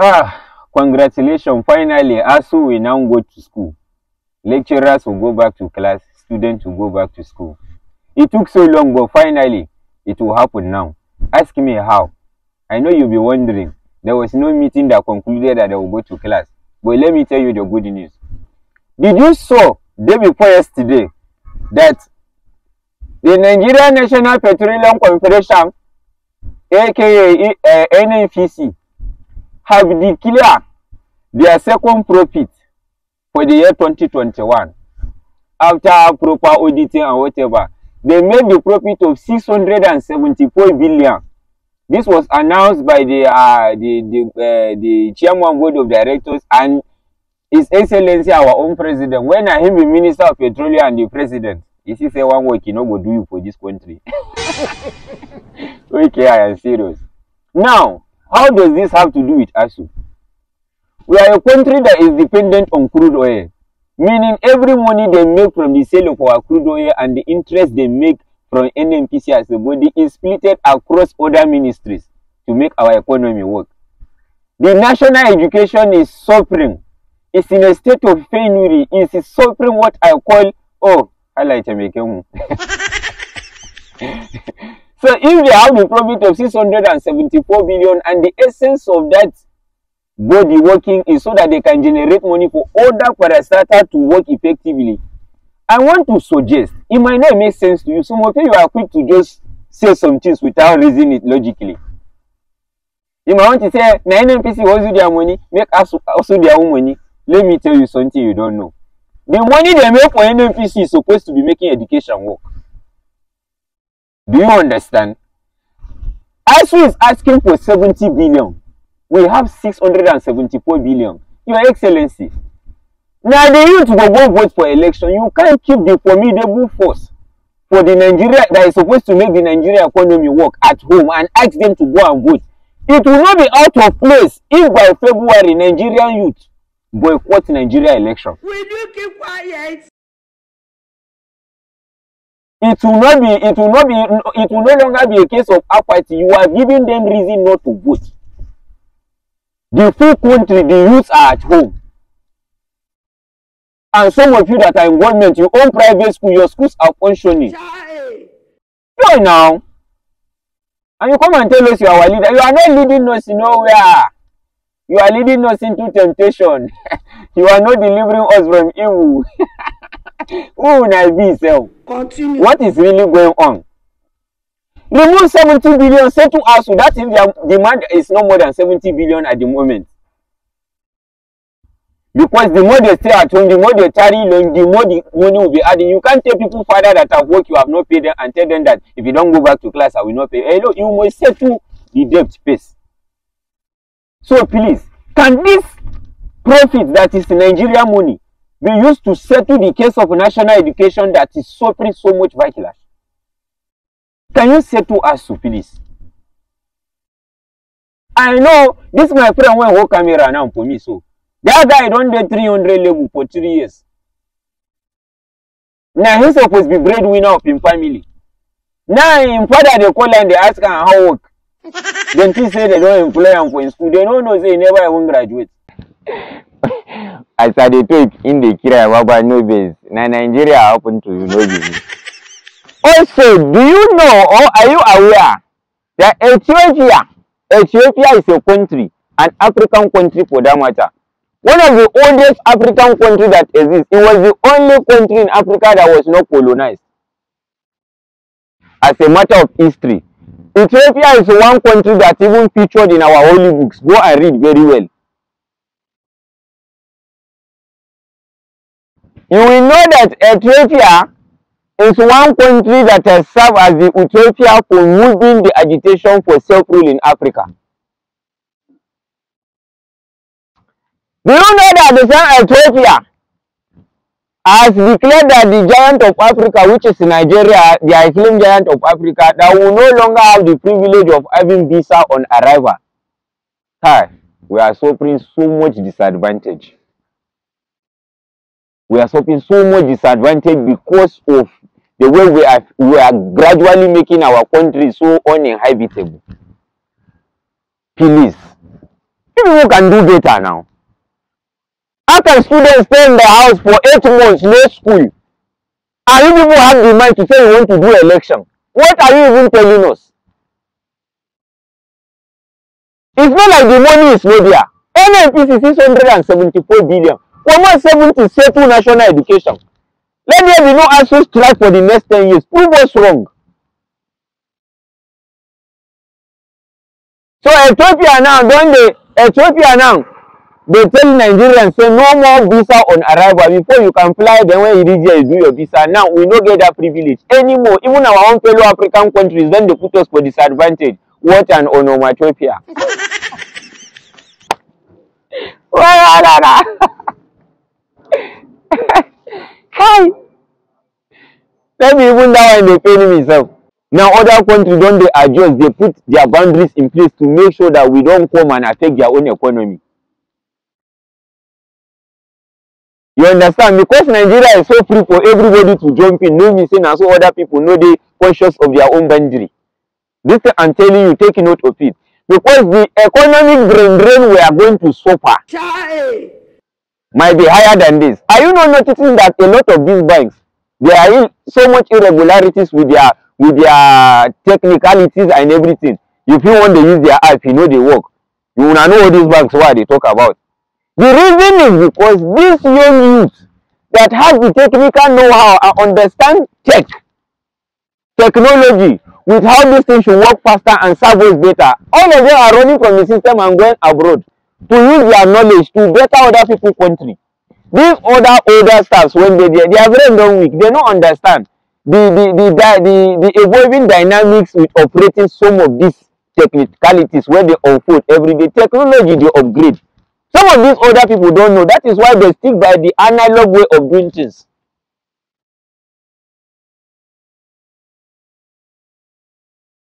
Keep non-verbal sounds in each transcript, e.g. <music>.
Ah, congratulations. Finally, ASU will now go to school. Lecturers will go back to class. Students will go back to school. It took so long, but finally, it will happen now. Ask me how. I know you'll be wondering. There was no meeting that concluded that they will go to class. But let me tell you the good news. Did you saw day before yesterday that the Nigerian National Petroleum Corporation, aka uh, eh, NNPC, have declared their second profit for the year 2021 after proper auditing and whatever. They made the profit of 674 billion. This was announced by the uh, the the, uh, the chairman board of directors and His Excellency, our own president. When I him the minister of petroleum and the president, he say one work you know go do you for this country. <laughs> okay, I am serious. Now, How does this have to do with ASU? We are a country that is dependent on crude oil, meaning every money they make from the sale of our crude oil and the interest they make from NMPC as a body is split across other ministries to make our economy work. The national education is suffering. It's in a state of penury. It's suffering what I call, oh, I like to make you. So if they have the profit of 674 billion and the essence of that body working is so that they can generate money for other parastatal to work effectively, I want to suggest, it might not make sense to you. Some of you are quick to just say some things without reasoning it logically. You might want to say, na NNPC was their money, make us also their own money. Let me tell you something you don't know. The money they make for NNPC is supposed to be making education work. Do you understand? ASU is asking for 70 billion. We have 674 billion. Your Excellency, Now the youth will go vote for election. You can't keep the formidable force for the Nigeria that is supposed to make the Nigeria economy work at home and ask them to go and vote. It will not be out of place if by February Nigerian youth boycott Nigeria election. Will you keep quiet? it will not be it will not be it will no longer be a case of apathy you are giving them reason not to vote the full country the youths are at home and some of you that are in government you own private school your schools are functioning yo now and you come and tell us you are our leader you are not leading us nowhere you are leading us into temptation <laughs> you are not delivering us from evil <laughs> who una be sef continue what is really going on remove seventy billion settle house that if their demand is no more than seventy billion at the moment because the more they stay at home the more they carry loan the more the money will be adding you can't tell people father that have worked you have not paid them and tell them that if you don't go back to class i will not pay hello you must settle the debt first so please can this profit that is nigeria money be used to settle the case of national education that is suffering so much backlash? Can you settle us please? I know this my friend went whole camera now for me so. That guy don dey 300 level for three years. Na he suppose be breadwinner of him family. Now him father dey call am dey ask him how work. Then he say they don't employ him for his school. They don't know say he never even graduate. <laughs> as i dey talk im dey cry wagba no vex na nigeria happen to you no be me. also do you know or are you aware that ethiopia ethiopia is a country an african country for that matter one of the oldest african country that exists it was the only country in africa that was not colonized as a matter of history ethiopia is one country that even featured in our holy books go and read very well You will know that Ethiopia is one country that has served as the utopia for moving the agitation for self-rule in Africa. Do you know that the same Ethiopia has declared that the giant of Africa, which is Nigeria, the Islam giant of Africa, that will no longer have the privilege of having visa on arrival? Hi, we are suffering so much disadvantage we are suffering so much disadvantage because of the way we are we are gradually making our country so uninhabitable please people can do better now how can students stay in the house for eight months no school and you people have the mind to say you want to do election what are you even telling us it's not like the money is no there nnpc six hundred and seventy-four billion were not able to settle national education. Let there be no answers. strike for the next 10 years. Prove us wrong. So Ethiopia now, don't they? Ethiopia now, they tell Nigerians, say no more visa on arrival. Before you can fly, then when you reach here, you do your visa. Now, we no get that privilege anymore. Even our own fellow African countries, then they put us for disadvantage. What an onomatopoeia. <laughs> time dey fail me sef na oda kontri don adjust They put their boundaries in place to make sure that we don't come and affect their own economy you understand because nigeria is so free for everybody to jump in no missing, and so other people know dey conscious of their own boundary this thing i'm telling you take note of it because the economic drain drain we are going to suffer Chai. might be higher than this are you not noticing that a lot of these banks They are in so much irregularities with their with their technicalities and everything. If you want to use their app, you know they work. You wanna know all these banks what they talk about. The reason is because these young youth that have the technical know-how and understand tech, technology, with how these things should work faster and serve us better. All of them are running from the system and going abroad to use their knowledge to better other people's country these older, older staffs when they there their brain don weak they don't understand the the the the the evolving dynamics with operating some of these technicalities where they unfold every day technology they upgrade some of these older people don't know that is why they stick by the analog way of doing things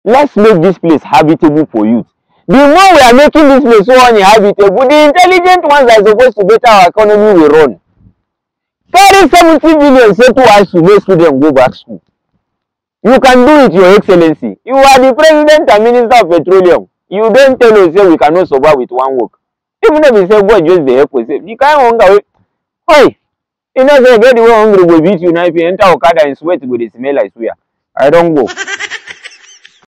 let's make this place habitable for youth The more we are making this place so uninhabitable, the intelligent ones are supposed to better our economy will run. Carry 70 billion, say to us to make students go back school. You can do it, Your Excellency. You are the President and Minister of Petroleum. You don't tell us say we cannot survive with one work. Even if we say God just dey help us, you can't hunger. Oi, you know say get the way hungry go beat you now if you enter Okada and sweat go the smell like swear. I don't go.